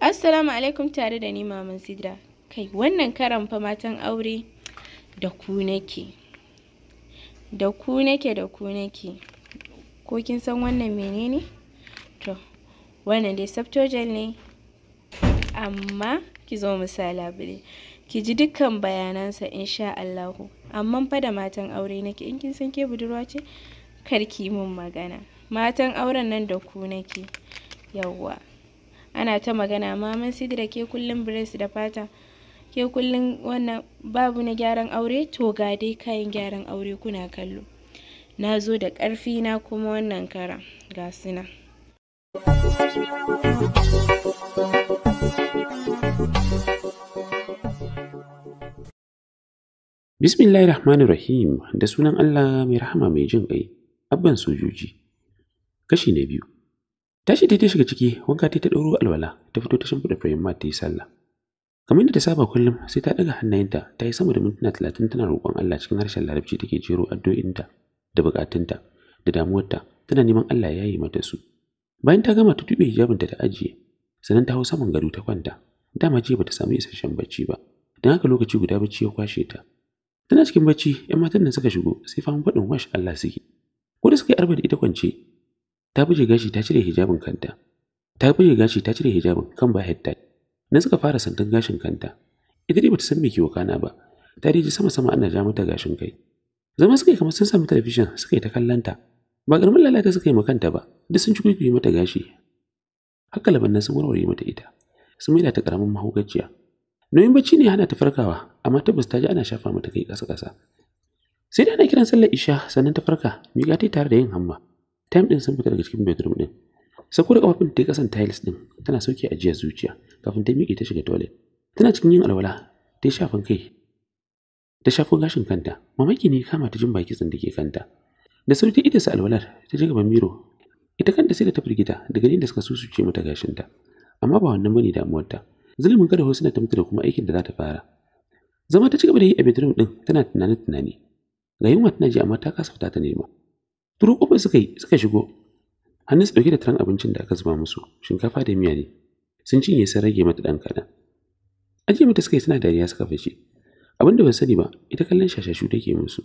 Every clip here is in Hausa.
Assalamu alaikum tare da ni Maman Sidra. Kai wannan karan fa matan aure da ku nake. Da ku nake da ku nake. Ko kin san wannan menene? To, wannan dai Septuagint ne. Amma ki zo mu sala Ki ji dukkan bayanansa insha Allahu. Amma fa da matan aure nake in kin san ke budurwa ce kar ki mun magana. Matan auren nan da ku nake. Yawwa. ana ta magana maman sidira ke kullum brace da fata ke kullum wannan babu na gyaran aure to ga dai kayan gyaran aure kuna kallo na zo da ƙarfi na kuma wannan kara ga suna Bismillahir Rahmanir Rahim da sunan Allah mai rahama mai jin ƙai abban sojoji kashi na biyu ta Tashi ta shiga ciki, wanka ta ɗoro alwala, ta fito ta shimfiɗa fayin mat ta yi sallah. Kamar yadda ta saba kullum sai ta ɗaga hannayenta ta yi sama da mintuna talatin tana roƙon Allah cikin harshen larabci take jero addu'inta da buƙatunta da damuwarta tana neman Allah ya yi mata su. Bayan ta gama ta tuɓe hijabinta ta ajiye, sannan ta hau saman gado ta kwanta. Dama ce bata samu isasshen bacci ba, don haka lokaci guda bacci ya kwashe ta. Tana cikin bacci, ‘yan matan nan suka shigo sai faman faɗin wash Allah suke. Ko da suka yi arba da ita kwance, ta buje gashi ta cire hijabin kanta ta buje gashi ta cire hijabin kan ba hetta na suka fara santan gashin kanta ita dai bata san me ke wakana ba ta ji sama sama ana ja mata gashin kai zama suka yi kamar sun sami talabijin suka yi ta kallanta ba garmin lalata suka yi ma kanta ba duk sun ci kwaikwaye mata gashi haka labannan sun warware mata ita sun da ta karamin mahaukaciya nauyin bacci ne hana ta farkawa amma tabbas ta ji ana shafa mata kai kasa-kasa. sai da ana kiran sallar isha sannan ta farka miƙa ta tare da yin hamma time din sun fita daga cikin bedroom ɗin sako da kafafin ta kasan tiles din tana sauke ajiya zuciya kafin ta miƙe ta shiga toilet tana cikin yin alwala ta shafan kai ta shafo gashin kanta mamaki ne kama ta jin baki tsindike kanta da sauti ita sa alwalar ta ji gaban miro ita kanta sai da ta firgita daga inda da suka susuce mata gashinta amma ba wannan bane ta zulumin kada suna ta mutu da kuma aikin da za ta fara zama ta cigaba da yi a bedroom din tana tunanin tunani ga yunwa tana ji amma ta kasa fita ta nemo turu uku suka yi suka shigo su ɗauke da taron abincin da aka zuba musu shinkafa da miya ne sun cinye sun rage mata ɗan kaɗan ajiye mata suka yi suna dariya suka fice abin da ban sani ba ita kallon shashashu take musu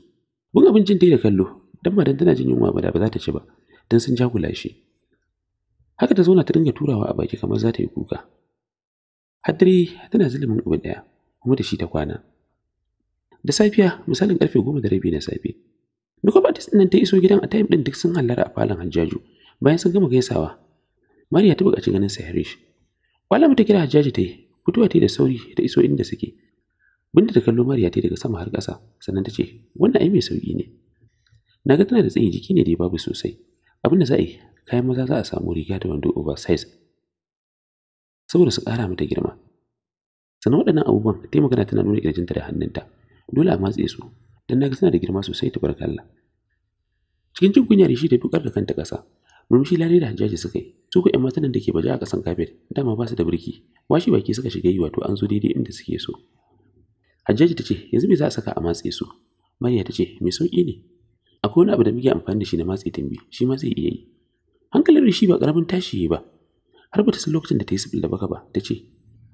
Bun abincin yi da kallo dan madan tana jin yunwa ba da ba za ta ci ba dan sun jagula shi haka ta zauna ta dinga turawa a baki kamar za ta yi kuka dare tana zulumin abu ɗaya, kuma da shi ta kwana da safiya misalin karfe goma da rabi na safe duk batis nan ta iso gidan a time ɗin duk sun hallara a falon hajjaju bayan sun gama gaisawa mariya ta buƙaci ganin sa harish mu ta kira hajjaju ta yi fitowa ta da sauri ta iso inda suke binta ta kallo mariya ta daga sama har ƙasa sannan ta ce wannan ai mai sauƙi ne na ga tana da tsayin jiki ne da babu sosai abin da za a yi kayan maza za a samu riga da wando oversize saboda su ƙara mata girma sannan waɗannan abubuwan ta yi magana tana nuna ƙirjinta da hannunta dole a matse su don na suna da girma sosai ta Allah. cikin jin kunya da shi da dukar da kanta ƙasa murmushi lare da hajjaji suka yi su ku ƴan matanan da ke baje a ƙasan kafet dama ba su da birki washi baki suka shiga yi wato an zo daidai inda suke so hajjaji ta ce yanzu me za a saka a matse su mariya ta ce me sauƙi ne akwai wani abu da muke amfani da shi na matse tambi shi ma zai iya yi hankalin rishi ba ƙaramin tashi ba har ba ta san lokacin da ta yi sifil da baka ba ta ce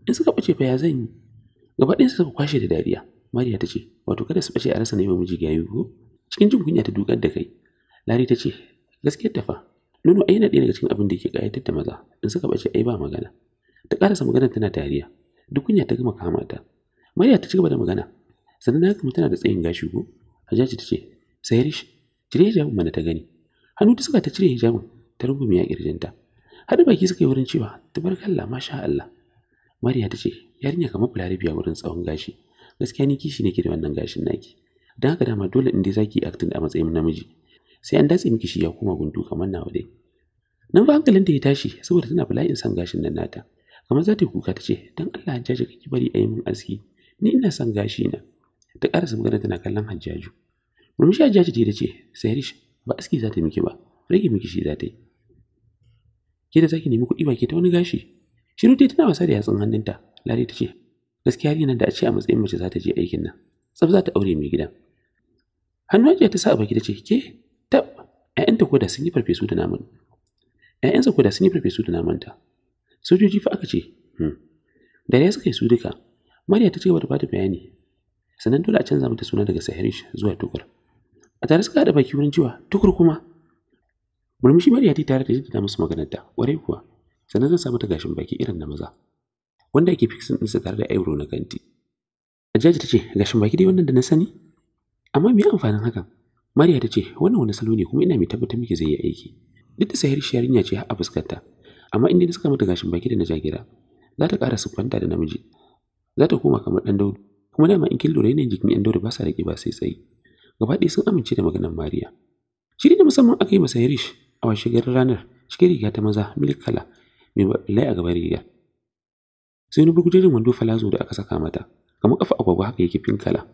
in suka bace fa ya zan yi gaba su suka kwashe da dariya Mariya ta ce, wato kada su ɓace a rasa wa miji gayu ko? Cikin jin kunya ta dukar da kai. Lari ta ce, gaskiyar ta fa, nono ai yana ɗaya daga cikin abin da ke ƙayatar da maza, in suka ɓace ai ba magana. Ta ƙarasa magana tana tariya. duk kunya ta gama kama ta. Mariya ta ci gaba da magana, sannan na kuma tana da tsayin gashi ko? Hajaji ta ce, rish, cire hijabin mana ta gani. Hannu ta suka ta cire hijabin, ta rungume a ƙirjinta. Hada baki suka yi wurin cewa, tabarkalla masha Allah. Mariya ta ce, yarinya kamar biya wurin tsawon gashi. gaskiya ni kishi ne ke da wannan gashin naki don haka dama dole in dai zaki acting a matsayin namiji sai an datse miki shi ya koma gundu kamar nawa dai nan ba hankalin da ya tashi saboda tana bala'in san gashin nan nata kamar za ta yi kuka ta ce don Allah ka kake bari a yi min aski ni ina son gashi na ta karasa magana tana kallon hajjaju murmushi hajjaji ta yi ta ce sayarish ba aski za ta miki ba rage miki shi za ta yi ke da zaki nemi kuɗi ba ke ta wani gashi shiru dai tana wasa da yatsun hannunta lare ta ce gaskiya ne da a ce a matsayin mace za ta je aikin nan tsaf za ta aure mai gidan hannu ake ta sa a baki ta ce ke tab ƴaƴanta ko da sun yi farfesu da naman ƴaƴansa ko da sun yi farfesu da sojoji fa aka ce hmm da ya suka yi su duka mariya ta cigaba wata bata bayani sannan dole a canza mata suna daga sahirish zuwa tukur a tare suka haɗa baki wurin cewa tukur kuma murmushi mariya ta yi tare da jiddada musu maganarta ware kuwa sannan zan sa mata gashin baki irin na maza wanda ake din sa tare da euro na kanti. Hajjaji ta ce, gashin baki dai wannan da na sani? Amma me amfanin hakan? Mariya ta ce, wannan wani salo ne kuma ina mai tabbatar miki zai yi aiki. Duk da sayar shi yarinya ce a fuskarta, amma inda suka mata gashin baki da na jagira, za ta ƙara siffanta da namiji. Za ta koma kamar ɗan daudu, kuma dama in kin lura ne jikin ‘yan daudu ba sa da ƙiba sai tsayi. Gaba ɗaya sun amince da maganar Mariya. Shiri da musamman aka yi masa yarish a washe ranar cikin riga ta maza milk kala mai lai a gaban rigar. sai wani wando falazo da aka saka mata kamar kafa agwagwa haka yake kala.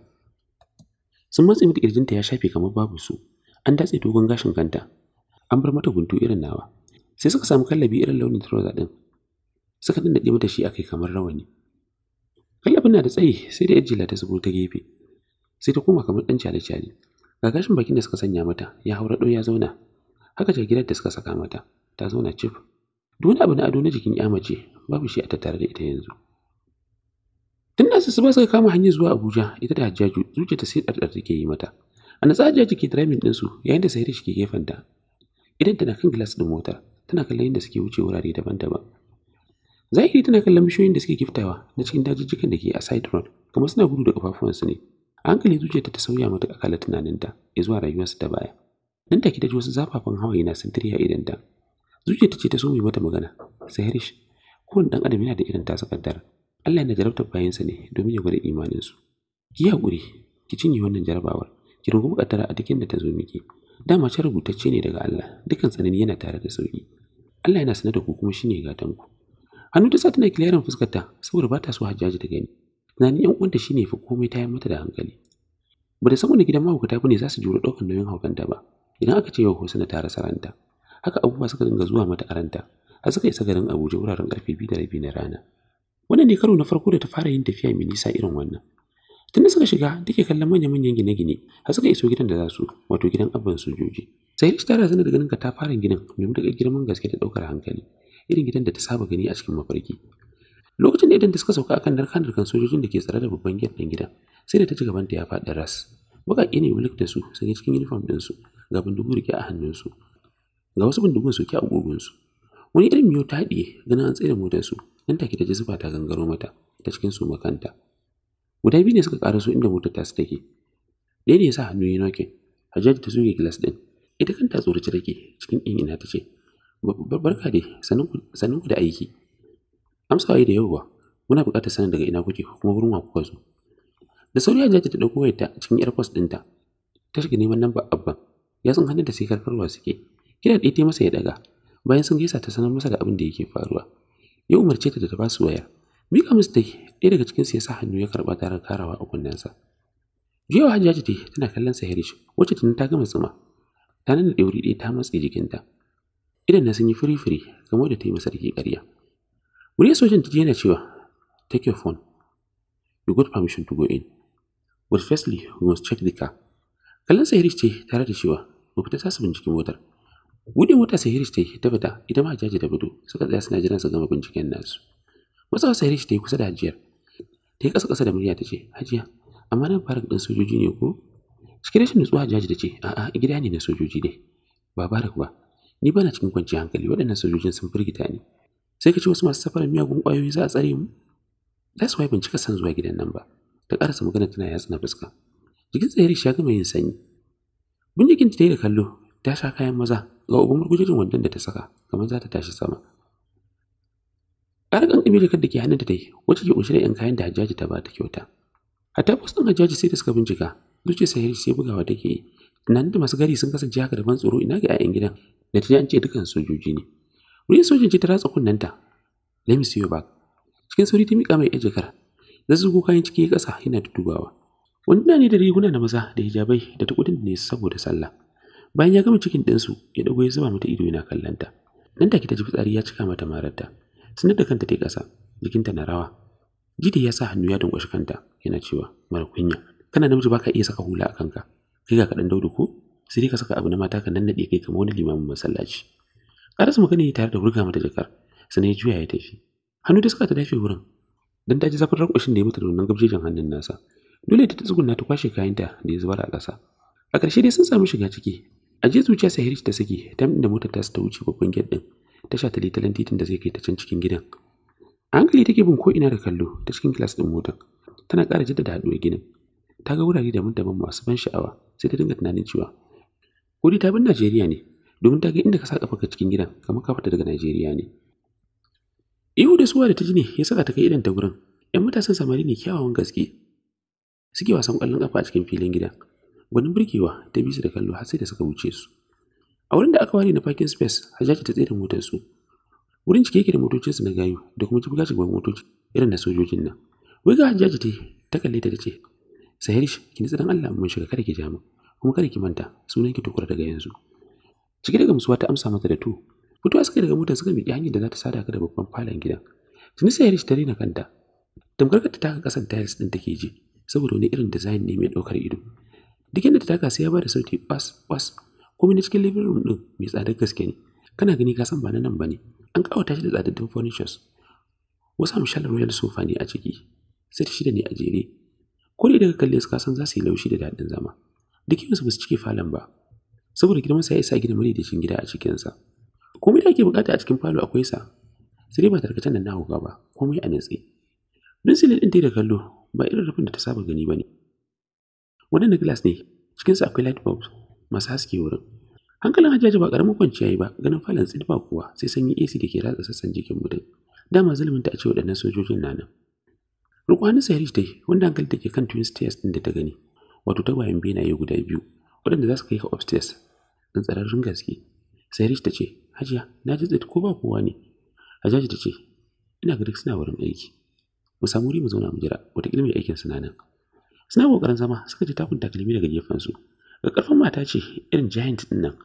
sun matse mata kirjinta ya shafe kamar babu su an datse dogon gashin kanta an bar mata guntu irin nawa sai suka samu kallabi irin launin trouser din suka dindade mata shi akai kamar rawani kallabin na da tsayi sai da ajila ta zubo ta gefe sai ta koma kamar dan chale chale ga gashin bakin da suka sanya mata ya haura ya zauna haka gidan da suka saka mata ta zauna cif duk abu na ado na jikin ya mace babu shi a tattare da ita yanzu tun da su ba suka kama hanyar zuwa abuja ita da hajjaju zuciya ta sai ɗarɗar take yi mata a natsa Hajjaju ke driving ɗinsu yayin da da shi ke gefenta idan tana kan gilas ɗin motar tana kallon yadda suke wuce wurare daban-daban zahiri tana kallon bishiyoyin da suke giftawa na cikin dajijjikan da ke a side road kamar suna gudu da ƙafafuwansu ne a hankali zuciyarta ta sauya mata akala tunaninta zuwa rayuwarsa ta baya nan take da wasu zafafan hawaye na sintiri a idanta zuciyarta ce ta so mai mata magana sai harish kowane ɗan adam yana da irin tasa kaddara Allah yana jarabtar bayansa ne domin ya gwada imaninsu ki haƙuri ki cinye wannan jarabawar ki rungumi kaddara a dukkan da ta zo miki dama ce rubutacce ne daga Allah Dukkan tsanani yana tare da sauki Allah yana sanar da ku kuma shine gatan ku hannu ta sa tana kiliyarin fuskar ta saboda ba ta so hajjaji ta gani tunani yan uwanta shine fa komai ta yi mata da hankali ba da san wani gidan mahaukata ne za su jure ɗaukar nauyin haukanta ba idan aka ce yau Husna ta rasa ranta haka abubuwa suka dinga zuwa mata a har suka isa garin abuja wuraren karfe biyu da rabi na rana wannan ne karo na farko da ta fara yin tafiya mai nisa irin wannan tunda suka shiga take kallon manya-manyan gine-gine har suka iso gidan da za su wato gidan abban sojoji sai ta tara zana da ganin ka ta fara ginin domin daga girman gaske da ɗaukar hankali irin gidan da ta saba gani a cikin mafarki lokacin da idan da suka sauka akan narkan narkan sojojin da ke tsare da babban gate ɗin gidan sai da ta ci ta ya faɗi ras baƙaƙe ne wulik da su yi cikin uniform ɗinsu gaban dubu rike a hannunsu ga wasu bindigun suke a su wani irin miyo ta haɗiye ganin an tsaye da motarsu nan take ta ji zufa ta gangaro mata ta cikin su makanta guda biyu ne suka su inda motar tasu take ɗaya ne ya sa hannu ya nokin hajjar ta zuge gilas ɗin ita kanta tsoraci rake cikin ɗin ina ta ce barka dai sanin ku da aiki Amsa yi da yawa? muna buƙatar sanin daga ina kuke kuma wurin wa kuka zo da sauri ya jaji ta ɗauko wayarta cikin airpods ɗinta ta shiga neman namba abban ya san hannun da sai karkarwa suke kira ɗaya ta masa ya daga bayan sun gaisa ta sanar masa da abin da yake faruwa ya umarce ta da ta basu waya mika musu tai ɗaya daga cikin ya sa hannu ya karɓa tarar karawa a kunnensa jiyawa hajiya ce tana kallon sa harish wacce tuni ta gama tsuma ta nan da ɗauri ɗaya ta matsi jikinta idan na sun yi firi-firi kamar da ta yi masa da ke ƙarya muryar sojan ta yana cewa take your phone you got permission to go in but firstly we must check the car kallon sa harish ce tare da cewa ba ku ta su binciken motar Buɗe mota Sahiris ta yi ta fita ita ma jaji da Budu suka tsaya suna jiran su gama binciken nasu. Matsawa Sahiris ta yi kusa da Hajiyar. Ta yi ƙasa-ƙasa da murya ta ce, Hajiya, amma nan fara ɗan sojoji ne ko? Cikin rashin nutsuwa jaji da ce, a'a gida ne na sojoji ne. Ba barak ba, ni ba na cikin kwanciyar hankali waɗannan sojojin sun firgita ne. Sai ka ce wasu masu safarar miyagun ƙwayoyi za a tsare mu? That's wai ban cika son zuwa gidan nan ba. Ta ƙarasa magana tana yatsa na fuska. Jikin sahiris ya gama yin sanyi. Bindigin ta da kallo ta sa kayan maza ga uban murgujirin wandon da ta saka kamar za ta tashi sama ƙarar ƙanƙami da da ke hannunta ta yi wacce ke ƙunshe da 'yan kayan da hajjaji ta ba ta kyauta A fus ɗin hajjaji sai da suka bincika zuciya sahiri sai bugawa take yi tunanin da masu gari sun kasance haka da ban tsoro ina ga 'ya'yan gidan da ta ji an ce dukan sojoji ne wurin sojin ce ta ratsa kunnenta let me siyo cikin sauri ta miƙa mai ɗan jakar da zugo kayan ciki ƙasa yana da dubawa wani ne da riguna na maza da hijabai da ta kudin ne saboda sallah bayan ya gama cikin ɗinsu ya dago ya zuba mata ido yana kallanta nan take ta ji fitsari ya cika mata mararta sanar da kanta ta ƙasa jikinta na rawa jide ya sa hannu ya dunkwashe kanta yana cewa mara kunya kana namiji baka iya saka hula a kanka kai ga kaɗan daudu ko sai dai ka saka abu na mata ka nannaɗe kai kamar wani limamin masallaci ƙarasa magana ya tare da burga mata jakar Sani ya juya ya tafi hannu da suka ta dafe wurin dan ta ji zafin rankwashin da ya mata da wannan gabjejin hannun nasa dole ta tsugunna ta kwashe kayanta da ya zubar a ƙasa a ƙarshe dai sun samu shiga ciki a jiya zuciyarsa hirish ta saki tam da motar ta ta wuce babban gate din ta sha talitalen titin da zai kai ta can cikin gidan a hankali take bin ko'ina da kallo ta cikin kilas din motar tana ƙara jaddada haɗuwar ginin ta ga wurare daban-daban masu ban sha'awa sai ta dinga tunanin cewa kudi ta bin najeriya ne domin ta ga inda ka sa kafarka cikin gidan kamar ka fita daga najeriya ne ihu da suwa da ta ji ne ya saka ta kai idan ta gurin 'yan matasan samari ne kyawawan gaske suke wasan ƙwallon kafa a cikin filin gidan Gwanin birkewa ta bi da kallo har sai da suka wuce su. A wurin da aka ware na parking space, Hajjaji ta tsere motar su. Wurin cike yake da motocinsu na gayu da kuma gashi cibgar motoci irin na sojojin nan. Wai ga Hajjaji ta ta kalle ta ce, Sahirish, ki nitsa dan Allah mun shiga kada ki ja kuma kada ki manta sunan ki tukura daga yanzu. Cike da gamsuwa ta amsa mata da to, fitowa suka daga motar suka miƙi hanyar da za ta sada ka da babban falon gidan tuni sahirish ta rena kanta tamkar ta taka kasan tiles din take ji saboda wani irin design ne mai ɗaukar ido duk inda ta taka sai ya bada sauti bas bas kuma na cikin living room din mai tsadar gaske ne kana gani ka san ba na nan bane an kawata shi da tsadaddun furnitures wasu amshalar royal sofa ne a ciki sai ta shida ne a jere ko da daga kalle su ka san za su yi laushi da daɗin zama duk su ba su cike falon ba saboda girman sa ya isa gina madaidaicin gida a cikinsa komai da ake bukata a cikin falo akwai sa sai dai ba tarkacen da na ba komai a nutse. don silin ɗin da kallo ba irin rufin da ta saba gani ba ne waɗanda glass ne cikinsa akwai light bulbs masu haske wurin hankalin hajjaji ba karamin kwanciya yi ba ganin falon tsid ba kuwa sai sanyi ac da ke ratsa sassan jikin mutum dama zulminta ta ce waɗannan sojojin na nan rukuhaninsa ya dai wanda hankali take kan twin stairs ɗin da ta gani wato tagwayen benaye guda biyu waɗanda za su kai ka upstairs ringa gaske sai ta ce hajiya na ji tsit ko ba kowa ne hajjaji ta ce ina ga duk suna wurin aiki mu samu wuri mu zauna mu jira wataƙila mai aikin suna nan suna kokarin zama suka ji takun takalmi daga gefensu ga karfin mata ce irin giant din nan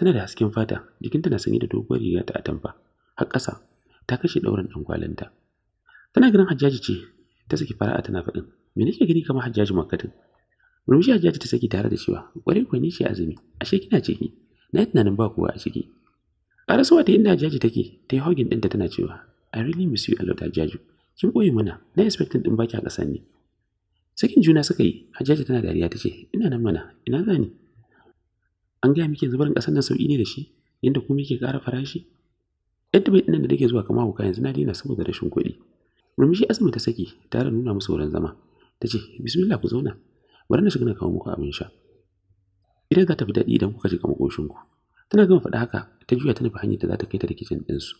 tana da hasken fata jikinta na sanye da doguwar riga ta atamfa har ƙasa ta kashe ɗaurin ɗan kwalinta tana ganin hajjaji ce ta saki fara'a tana faɗin me nake gani kamar hajjaji makatin murmushi hajjaji ta saki tare da cewa ƙwarai kwani ce azumi ashe kina ciki na yi tunanin ba kowa a ciki ƙarasuwa ta inda hajjaji take ta yi hogin ɗinta tana cewa i really miss you a lot hajjaji kin ɓoye mana na expecting ɗin baki a kasan ne sakin juna suka yi hajjaji tana dariya ta ce ina nan mana ina za ni an gaya muke zubarin ƙasar nan sauƙi ne da shi yadda kuma yake ƙara farashi yadda bai ɗinan da take zuwa kama kuka yanzu na daina saboda rashin kuɗi murmushi asma ta saki tare da nuna musu wurin zama ta ce bismillah ku zauna bari na shiga na kawo muku abin sha idan za ta fi daɗi idan kuka shiga makoshinku tana gama faɗa haka ta juya ta nufi hanyar da za ta kai ta da kicin ɗinsu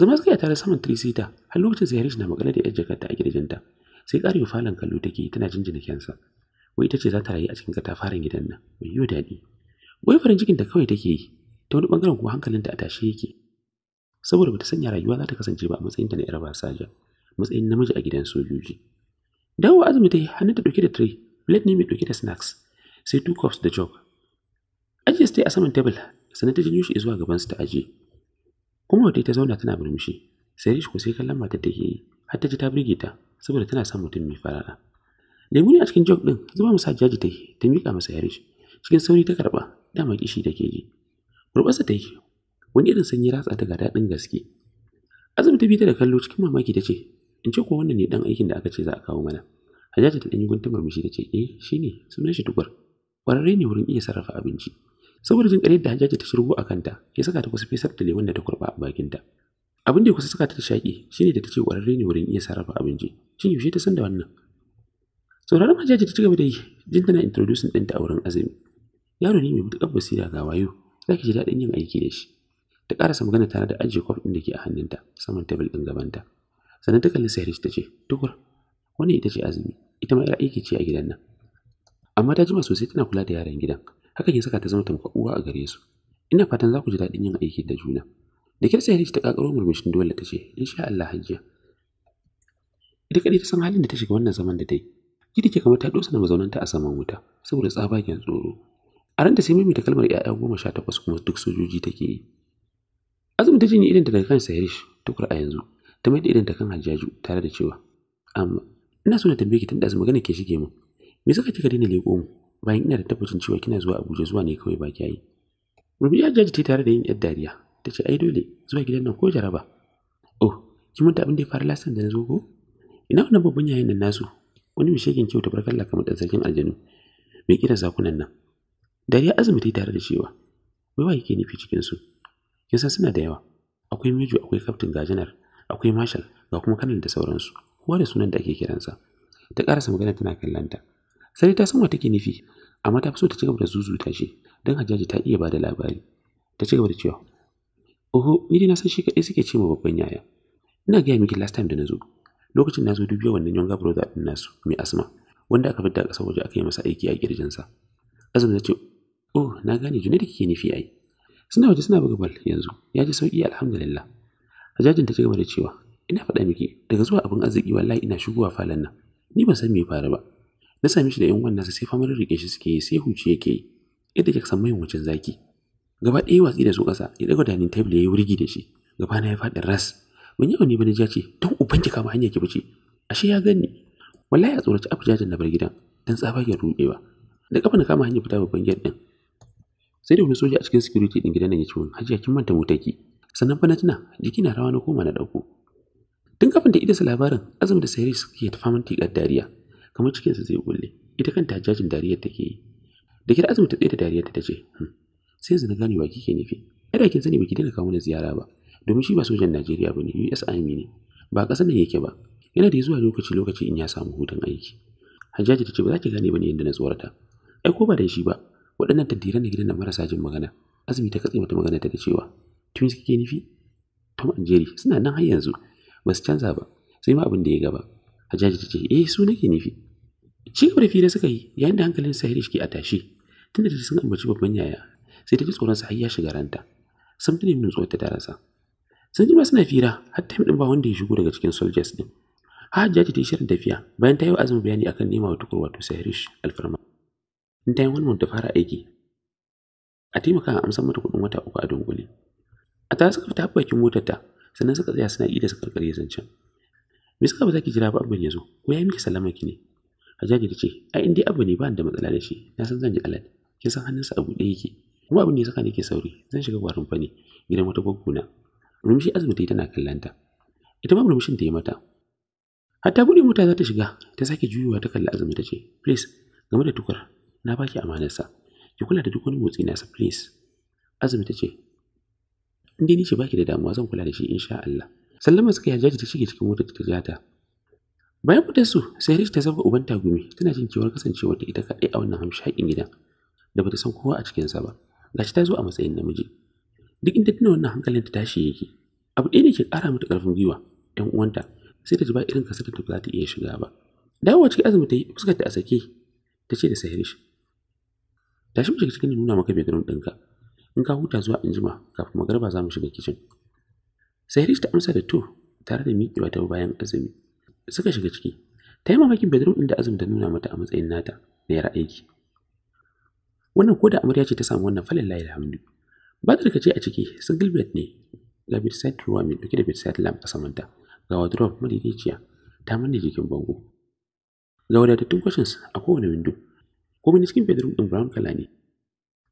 zama suka yi tare saman tirisita har lokacin sai na makale da yar jakarta a gidajenta sai ƙarewa falon kallo take tana jinjina kyansa wai ita ce za ta rayu a cikin katafaren gidan nan mai yiwu daɗi wai farin cikin da kawai take yi ta wani ɓangaren kuma hankalin da a tashe yake saboda bata sanya rayuwa za ta kasance ba a matsayin ta na 'yar basaja matsayin namiji a gidan sojoji dawo azumi ta yi hannun ta ɗauke da tray plate ne mai ɗauke da snacks sai two cups da jog ajiye su a saman table sannan ta janyo shi zuwa gaban su ta ajiye kuma wata ta zauna tana murmushi sai rishi ko sai kallon matar ke yi har ta ji ta birge ta saboda tana son mutum mai fara'a lemu ne a cikin jog ɗin zuba masa jaji ta yi ta miƙa masa yarish cikin sauri ta karɓa dama kishi da ke ji gurɓarsa ta yi wani irin sanyi ratsa ta daɗin gaske azumi ta bi ta da kallo cikin mamaki ta ce in ce ko wannan ne dan aikin da aka ce za a kawo mana hajjata ta ɗanyi guntun murmushi ta ce eh shine sunan shi tukur ƙwararre ne wurin iya sarrafa abinci saboda jin ƙarfi da hajjata ta shirgo a kanta ya saka ta kusa fesar da lemun da ta kurɓa a bakinta abin da kusa suka ta shaƙi shine da ta ce ƙwararre ne wurin iya sarrafa abinci shin yaushe ta san da wannan sauraron hajjaji ta ci gaba da yi jin tana introducing ɗinta a wurin azumi yaro ne mai matuƙar basira ga wayo za ki ji daɗin yin aiki da shi ta ƙarasa magana tare da ajiye kwaf ɗin da ke a hannunta saman tebul ɗin gabanta sannan ta kalli sayar ta ce tukur wani ita ce azumi ita ma 'yar aiki ce a gidan nan amma ta jima sosai tana kula da yaran gidan hakan ya saka ta zama tamkar uwa a gare su ina fatan za ku ji daɗin yin aiki da juna da kyar tsaye ta kakaro murmushin dole ta ce sha Allah hajiya ita kadai ta san halin da ta shiga wannan zaman da ta yi ki take kamar ta dosa na mazaunanta a saman wuta saboda tsabagen tsoro a ranta sai ta kalmar 'ya'ya goma sha takwas kuma duk sojoji take yi azumi ta jini idan ta daga kansa rishi tukur a yanzu ta mai da idan ta kan hajjaju tare da cewa amma ina so na tambaye ki tun da azumi magana ke shige mu me saka kika daina leƙo mu bayan ina da tabbacin cewa kina zuwa Abuja zuwa ne kawai ba yi Rubiya jaji ta tare da yin yar dariya ta ce ai dole zuwa gidan nan ko jaraba oh kin manta abin da ya faru lasan da na zo ko ina wannan babban yayin nan nasu wani bishegin kyau ta barkalla kamar dan sarkin aljanu mai kira zakunan nan dariya azumi ta yi tare da cewa wai wa yake nufi cikin su kin san suna da yawa akwai mijo akwai kaftin gajinar akwai marshal ga kuma kanan da sauransu kowa da sunan da ake kiransa ta karasa magana tana kallanta sai ta san wa take nufi amma ta fi so ta cigaba da zuzuta shi don hajjaji ta iya ba da labari ta ci gaba da cewa Oho, ni dai na san shi kaɗai suke ce ma babban yaya. Ina gaya miki last time da na zo. Lokacin na zo dubiya wannan yonga brother ɗin nasu mai asma, wanda aka da ƙasar waje aka yi masa aiki a ƙirjinsa. Azumi na ce, Oh, na gane juna da kike nufi ai. Suna waje suna buga bal yanzu, ya ji sauƙi alhamdulillah. Hajajin ta ci gaba da cewa, Ina faɗa miki, daga zuwa abin arziki wallahi ina shigowa falon nan. Ni ban san me faru ba. Na same shi da 'yan wannan sai famarin rike shi suke yi sai huci yake yi. Yadda kika san mai wucin zaki. gaba ɗaya watsi da su ƙasa ya ɗaga hannun table ya yi wurgi da shi gaba na ya faɗi ras ban yi ne bani ce don uban ki kama hanya ki fice ashe ya gani wallahi a tsoraci abuja na bar gidan dan tsabagen ruɗewa da ƙafa na kama hanya fita babban gate ɗin. sai da wani soja a cikin security ɗin gidan nan ya ce min hajiya kin manta motaki sannan fa na tuna jiki na rawa na koma na ɗauko tun kafin ta idasa labarin azumi da sayari suke ta faman tikar dariya kamar cikinsa zai kulle ita kanta jajin dariyar take yi da kira azumi ta tsaye da dariyar ta ce hmm, sai yanzu na gane wa kike nufi Ya kin sani baki daina kawo ziyara ba domin shi ba sojan Najeriya ba ne, US Army ne ba kasar nan yake ba yana da zuwa lokaci lokaci in ya samu hutun aiki Hajjaji ta ce ba za ki gane ba ne yanda na tsorata ai ko ba da shi ba waɗannan tantiran na gidan na marasa jin magana azumi ta katse mata magana ta da cewa twins kike nufi Tom and Jerry suna nan har yanzu ba su canza ba sai ma abin da ya gaba Hajjaji ta ce eh su nake nufi ci gaba da fira suka yi yayin da hankalin Sahirish ke a tashi tunda da sun ambaci babban yaya sai ta ji tsoron sa har ya shiga ranta sam ta nemi nutsuwar ta darasa sun ji suna fira har ta din ba wanda ya shigo daga cikin soldiers din jaji ta yi shirin tafiya bayan ta yi azumin bayani akan nema wa tukur wato sahirish alfarma in ta yi wani ta fara aiki a taimaka a amsan mata kuɗin wata uku a dunguli a ta suka fita bakin motar ta sannan suka tsaya suna ida suka karkare zancen me suka ba za ki jira ba abin ya zo ko ya miki sallama ki ne Hajjaji ta ce, "Ai, in dai abu ne ba da matsala da shi, na san zan ji alal, kin san hannunsa a buɗe yake, kuma abin da ya saka nake sauri zan shiga gwarin fa ne gidan wata gwaggona rumshi azumi ta yi tana kallanta ita ma rumshin ta yi mata hatta buɗe mota za ta shiga ta sake juyowa ta kalli azumi ta ce please game da tukur na baki amanarsa ki kula da duk wani motsi nasa please azumi ta ce in dai ni baki da damuwa zan kula da shi insha Allah sallama suka yajaji ta shige cikin motar ta jata bayan fitar su sai Rich ta zaba uban tagumi tana jin kewar kasancewar ta ita kaɗai a wannan hamshakin gidan da bata san kowa a cikinsa ba gashi ta zo a matsayin namiji duk inda tuna wannan hankalin ta tashi yake abu ɗaya ne ke ƙara mata ƙarfin gwiwa ƴan uwanta sai ta ji ba irin kasar da ba za ta iya shiga ba dawowa cikin azumi ta yi fuskar ta a sake ta ce da sahirish tashi mu shiga cikin nuna maka bedroom ɗinka in ka huta zuwa anjima kafin magarba za mu shiga kicin sahirish ta amsa da to tare da miƙewa ta bayan azumi suka shiga ciki ta yi mamakin bedroom ɗin da azumi ta nuna mata a matsayin nata na yara aiki wannan ko da amarya ce ta samu wannan falin layi alhamdu ba da rikace a ciki sun gilbert ne ga bedside ruwa mai dauke da bedside lamp a samanta ga wadrop madaidaiciya ta manne jikin bango ga wadatattun questions a kowane windo kuma cikin bedroom din brown kala ne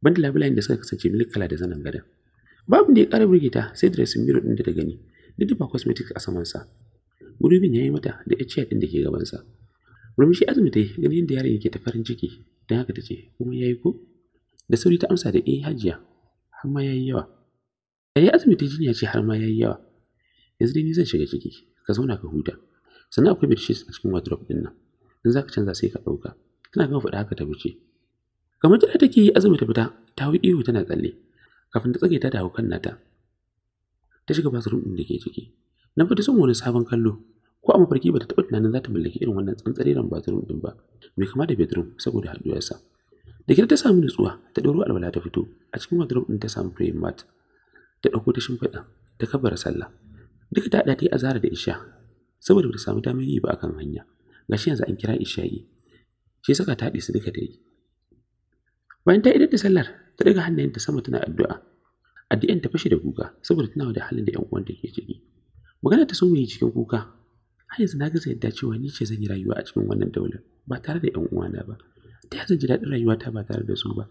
banda labulen da suka kasance milik kala da zanen gadon babu da ya ƙara burge ta sai dressing mirror ɗin da ta gani duk da ba cosmetics a samansa gudubin ya yi mata da HCI ɗin da ke gabansa rumishi azumi ta yi ganin yadda yaron yake ta farin ciki don haka ta ce kuma ya yi ko da sauri ta amsa da eh hajiya har ma ya yi yawa a yi azumi ta jiniya ce har ma ya yi yawa yanzu dai ni zan shiga ciki ka zauna ka huta sannan akwai bedsheets a cikin wardrobe din nan in za ka canza sai ka ɗauka tana gama faɗa haka ta wuce kamar jira take yi azumi ta fita ta hau ihu tana tsalle kafin ta tsage ta dawo kan nata ta shiga basu ɗin da ke ciki na fita son wani sabon kallo ko a mafarki ba ta taɓa tunanin za ta mallaki irin wannan tsantsareren bathroom ɗin ba mai kama da bedroom saboda haɗuwarsa da kira ta samu nutsuwa ta ɗauro alwala ta fito a cikin wardrobe ɗin ta samu praying mat ta ɗauko ta shimfiɗa ta kabbara sallah duka ta haɗa ta yi azara da isha saboda bata samu damar yi ba akan hanya gashi yanzu an kira isha'i shi saka ta haɗe su duka ta yi bayan ta idar da sallar ta ɗaga ta sama tana addu'a addu'an ta fashe da kuka saboda tana da halin da 'yan uwanta ke ciki magana ta so mai cikin kuka har yanzu na gaza yadda cewa ni ce zan yi rayuwa a cikin wannan daular ba tare da 'yan uwana ba ta zan ji daɗin rayuwata ba tare da su ba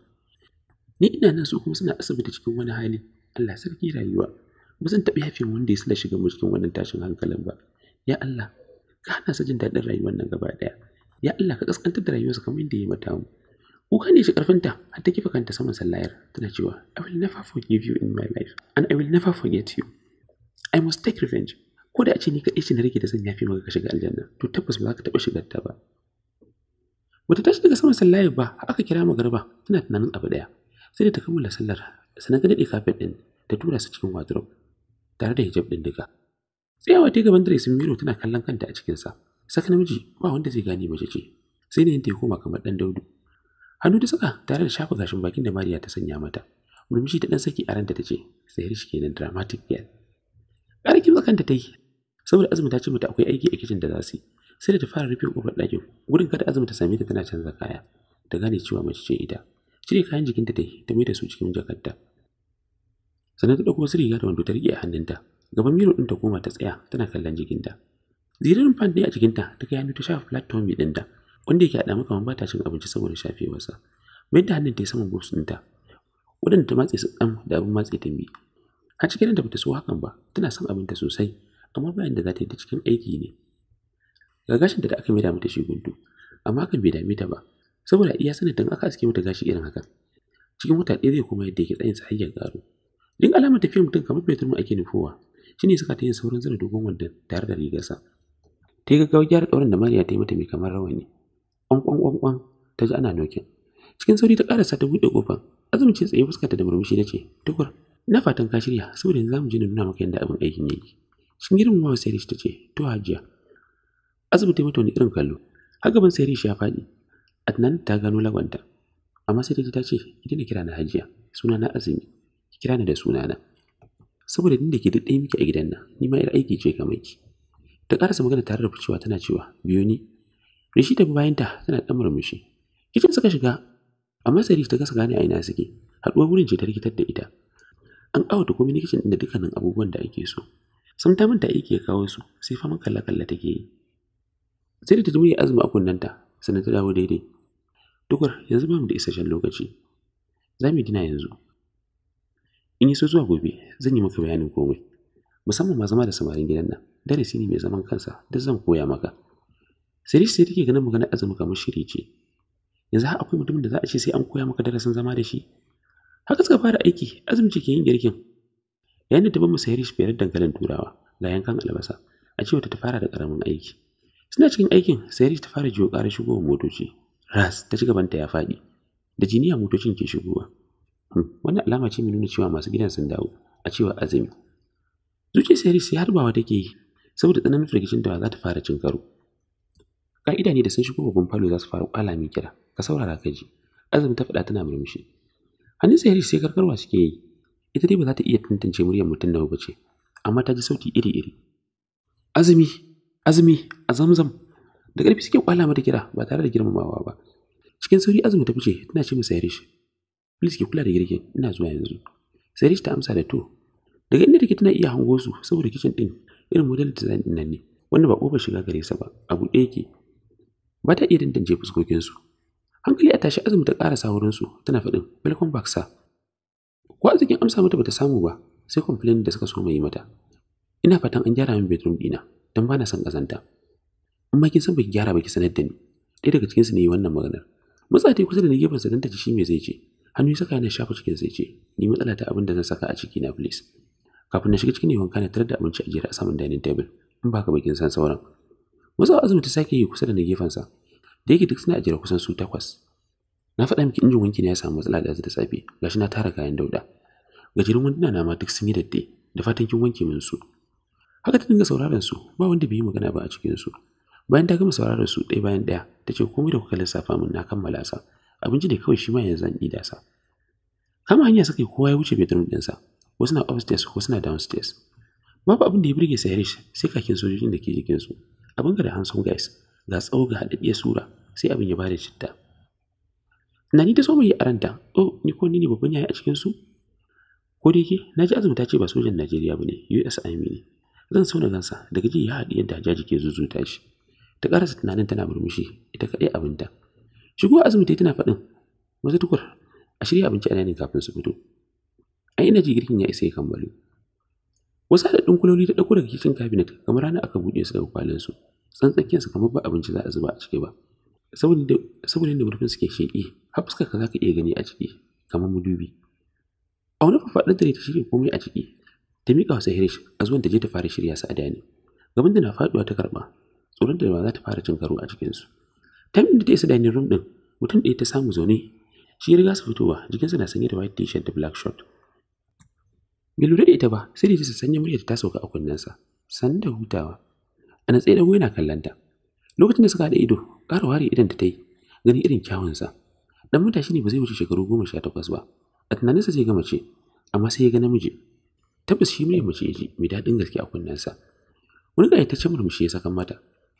ni ina nan su kuma suna asibiti cikin wani hali Allah sarki rayuwa ba zan taɓa yafe wanda ya sula shiga mu cikin wannan tashin hankalin ba ya Allah ka hana su jin daɗin rayuwar nan gaba ɗaya ya Allah ka kaskantar da rayuwarsa kamar yadda ya mata mu kuka ne shi ƙarfinta? har ta kifa kanta saman sallayar tana cewa I will never forgive you in my life and I will never forget you I must take revenge ko da a ce ni kaɗai ce na rage da sanya fi maka ka shiga aljanna to tabbas ba za ka taɓa shigar ta ba Wata tashi daga saman sallaye ba aka kira magarba tana tunanin abu ɗaya sai da ta kammala sallar sannan ta daɗe kafin ɗin ta tura su cikin wadrop tare da hijab ɗin duka tsayawa ta gaban dare sun biro tana kallon kanta a cikinsa saka namiji ba wanda zai gane mace ce sai ne ta koma kamar ɗan daudu hannu ta saka tare da shafa gashin bakin da mariya ta sanya mata murmushi ta ɗan saki a ranta ta ce sai shi kenan dramatic girl ƙarƙin tsakanta ta yi saboda azumi ta ce mata akwai aiki a kitchen da za su yi sai da ta fara rufe kofar ɗakin gudun kada azumi ta same ta tana canza kaya ta gane cewa mace ce ita cire kayan jikinta ta yi ta mai da su cikin jakarta sannan ta ɗauko wasu riga da wando ta riƙe a hannunta gaban miro ɗin ta koma ta tsaya tana kallon jikinta zirin fan ne a jikinta ta kai hannu ta shafa platform mai ɗinta wanda yake haɗa maka ba ta cin abinci saboda shafewarsa mai da hannun ta yi saman box ɗinta waɗanda ta matse su ɗan da abin matse ta mi har cikin da bata so hakan ba tana son abinta sosai amma bayan da za ta yi ta cikin aiki ne ga gashin da aka maida mata shi amma kan bai dame ta ba saboda iya sanadin aka aske mata gashi irin haka cikin wata ɗaya zai kuma yadda yake tsayin sa hanyar garo duk alamar tafiyar mutum kamar fetur mu ake nufowa shine suka ta yin saurin zura dogon wanda tare da rigarsa ta yi gaggawa gyara ɗaurin da mariya ta yi mata mai kamar rawani ƙwanƙwan ta ji ana nokin cikin sauri ta ƙarasa ta buɗe ƙofar azumi tsaye fuskarta da murmushi na ce tukur na fatan ka shirya saboda yanzu za mu je na nuna maka yadda abin aikin yake sun girmama wa Sairish ta ce, To hajiya. Asibiti mata wani irin kallo, har gaban Sairish ya faɗi. Adnan ta gano lagwanta. Amma sai ta ce, Ki na kira na hajiya, suna na azumi, kira ni da sunana. Saboda ni da ke daɗe miki a gidan nan, ni ma 'yar aiki ce kamar ki. Ta ƙarasa magana tare da furcewa tana cewa, Biyo ni. Rishi ta bayanta tana ɗan murmushi. Kicin suka shiga, amma Sairish ta kasa gane a ina suke. Haɗuwar wurin ce ta rikitar da ita. An ƙawata komai na kicin ɗin da dukkanin abubuwan da ake so. min ta manta aiki ya kawo su sai fama kalla kalla take yi sai da ta zuri azumi a kunnanta sannan ta dawo daidai dukwar yanzu ba da isasshen lokaci za mu gina yanzu in yi so zuwa gobe zan yi maka bayanin komai musamman ma zama da samarin gidan nan darasi ne mai zaman kansa duk zan koya maka sirri sai take ganin magana azumi kamar shiri ce yanzu akwai mutumin da za a ce sai an koya maka darasin zama da shi haka suka fara aiki azumi ce ke yin girkin yayin da ta sayar musayar shi fere dankalin turawa ga yankan albasa a cewa ta fara da karamin aiki suna cikin aikin sayar ta fara jiwo ƙarar shigowa motoci ras ta ci gabanta ya faɗi da jiniya motocin ke shigowa hmm, wannan alama ce mai nuna cewa masu gidan sun dawo a cewa azumi zuciyar sayar sai harbawa take yi saboda tsananin firgicin da za ta fara cin karo ka'ida ne da sun shigo babban falo za su fara kwala min kira ka saurara ka ji azumi ta faɗa tana murmushi hannun sayar sai karkarwa suke yi ita dai ba za ta iya tantance muryar mutum nawa ba ce amma ta ji sauti iri-iri azumi azumi a zamzam da ƙarfi suke kwala mata kira ba tare da girmamawa ba cikin sauri azumi ta fice tana ce masa yarish please ki kula da girkin ina zuwa yanzu sai ta amsa da to daga inda take tana iya hango su saboda kicin din irin model design din nan ne wanda ba kofar shiga gare sa ba a buɗe yake ba ta iya tantance fuskokin su hankali a tashi azumi ta ƙara wurin su tana faɗin welcome back sir ko arzikin amsa mata bata samu ba sai complain da suka so mai mata ina fatan an gyara min bedroom dina dan bana san kazanta Amma kin san baki gyara baki sanar da ni dai daga cikin su ne wannan maganar matsa ta kusa da nige gefen sa dan ta ci shi me zai ce hannu saka yana shafa cikin sai ce ni matsala ta abin da zan saka a ciki na please kafin na shiga cikin yawan kana tarar da abinci a jere a saman dining table in baka bakin san sauran matsawa azumi ta sake yi kusa da na gefen sa da yake duk suna a jere kusan su takwas na faɗa miki injin wanki ne ya samu matsala da da safe gashi na tara kayan dauda gajeren wanduna na ma duk sun yi datti da fatan kin wanke min su haka ta dinga sauraron su ba wanda bai yi magana ba a cikin su bayan ta gama sauraron su ɗaya bayan ɗaya ta ce komai da kuka lissafa min na kammala sa abinci ne kawai shi ma yanzu an ida sa kama hanya suka yi kowa ya wuce bedroom ɗinsa wasu na upstairs wasu na downstairs babu abin da ya burge sa Harish sai kakin sojojin da ke jikinsu abin ga da handsome guys ga tsawo ga haɗaɗɗiyar sura sai abin ya bada citta ni ta so mai a o oh ni ko ni ne babban yayi a cikin su ko da ke, na ji azumi ta ce ba sojan najeriya ba ne us army ne zan so na gansa daga ji ya haɗi yadda jaji ke zuzuta shi ta karasa tunanin tana murmushi ita kaɗai abinta shigo azumi ta tana faɗin wata tukur a shirya abinci a kafin su fito a ina ji girkin ya isa ya kammalo wasu haɗaɗɗun kuloli da ɗauko daga kicin cabinet kamar rana aka buɗe su daga kwalin su kamar ba abinci za a zuba a ciki ba saboda da murfin suke sheƙi har fuskar ka zaka iya gani a ciki kamar madubi a wani faɗin da ta shirya komai a ciki ta miƙa wa a zuwan ta je ta fara shirya su a dani gaban da na faɗuwa ta karɓa tsoron da ba za ta fara cin karo a cikinsu ta da ta isa dani rum ɗin mutum ɗaya ta samu zaune shi ya riga su fitowa jikinsa na sanye da white t-shirt da black short bai lura da ita ba sai da ta sanya muryar ta sauka a kunnensa sannan da hutawa a tsaye da yana kallon ta lokacin da suka haɗa ido ƙara ware idan ta ta yi ganin irin kyawunsa Dan matashi ne ba zai wuce shekaru goma sha takwas ba. A tunaninsa zai ga mace, amma sai ya ga namiji. Tabbas shi mai mace yaji, mai daɗin gaske a kunnensa. Wani ce murmushi ya saka mata,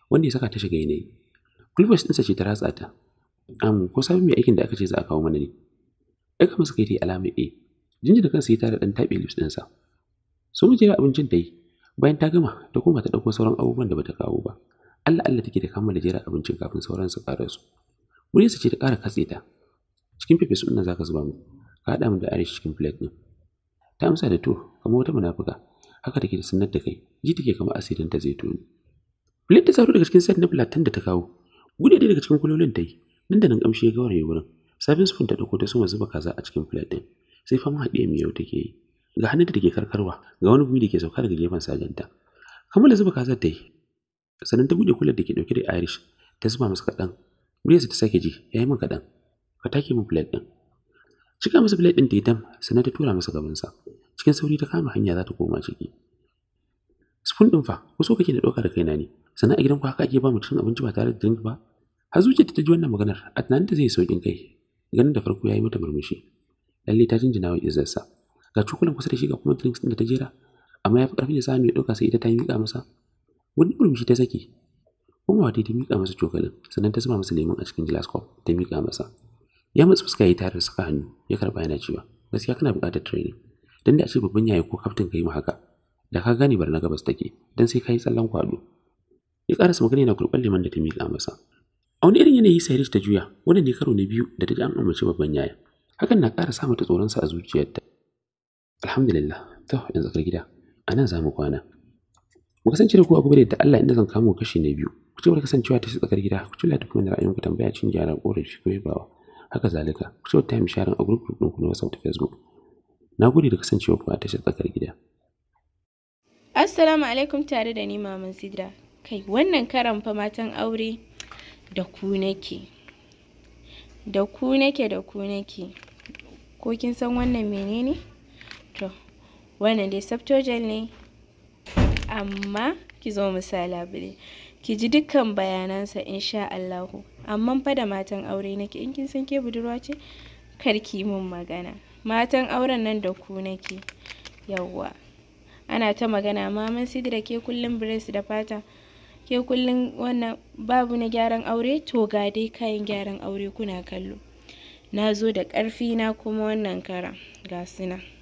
wanda ya saka ta shiga yanayi. Gulbas ɗinsa ce ta ratsa ta. Am, ko sabon mai aikin da aka ce za a kawo mana ne. Ɗaga masa kai ta yi alamar A, eh. Jinjin da kansa ya tara ɗan taɓe lips ɗinsa. mu jira abincin ta yi. Bayan ta gama, ta koma ta ɗauko sauran abubuwan da bata kawo ba. Allah Allah take da kammala jera abincin kafin sauran su ƙara su. Muryarsa ce ta ƙara katse ta, cikin fifis ɗin za ka zuba mu ka hada mu da arish cikin plate ɗin ta amsa da to kamar wata munafuka haka take da sunnar da kai ji take kamar asirin ta zai plate ta tsaro daga cikin set na platin da ta kawo gudu daga cikin kulolin ta yi nan da nan kamshi ya yi wurin sabin spoon ta dauko ta suma zuba kaza a cikin plate ɗin sai fama mu yau take yi ga hannun da take karkarwa ga wani gumi da ke sauka daga gefen sajanta kamar da zuba kaza ta yi sannan ta buɗe kulan da ke dauke da irish ta zuba masa kaɗan muryarsa ta sake ji ya yi min kaɗan ka mu min plate din cika masa plate ɗin dam sannan ta tura masa gaban sa cikin sauri ta kama hanya za ta koma ciki spoon ɗin fa ko so kake da ɗauka da kaina ne sannan a gidan ku haka ake ba mutum abinci ba tare da drink ba har zuciya ta ji wannan maganar a ta zai saukin kai ganin da farko ya yi mata murmushi lalle ta jinjina wa izarsa ga cokulan kusa da shi ga kuma drinks din da ta jera amma ya fi ƙarfin ya sa ya ɗauka sai ita ta miƙa masa wani murmushi ta saki kuma wata ta miƙa masa cokalin sannan ta zuba masa lemon a cikin glass cup ta miƙa masa ya mutsu fuska yi tare da saka hannu ya karba yana cewa gaskiya kana buƙatar training dan da ce babban yayi ko kaftin kai mu haka da ka gane bar na gabas take dan sai ka yi tsallan kwado ya karasa magana yana kurban liman da ta miƙa masa a wani irin yanayi sai ta juya wannan ne karo na biyu da ta ji an amince babban yaya hakan na ƙara sa mata tsoron sa a zuciyarta alhamdulillah to yanzu ka gida anan za mu kwana mu kasance da ku a gobe da Allah inda zan kamo kashi na biyu ku ci kasancewa ta tsakar gida ku ci da kuma ra'ayinku tambaya cin gyara korafi ko ba haka zalika ku ce time sharing a group group ɗinku na WhatsApp da Facebook na gode da kasancewa ku a tashar tsakar gida Assalamu alaikum tare da ni Maman Sidra kai wannan karan fa matan aure da ku nake da ku nake da ku nake ko kin san wannan menene to wannan dai Septuagint ne amma ki zo misala sa ki ji dukkan bayanansa insha Allahu amma fa da matan aure nake in kin san ke budurwa ce kar karki mun magana matan auren nan da ku nake yawwa ana ta magana maman sidira ke kullum brace da fata ke kullum wannan babu na gyaran aure to ga dai kayan gyaran aure kuna kallo na zo da ƙarfi na kuma wannan kara ga suna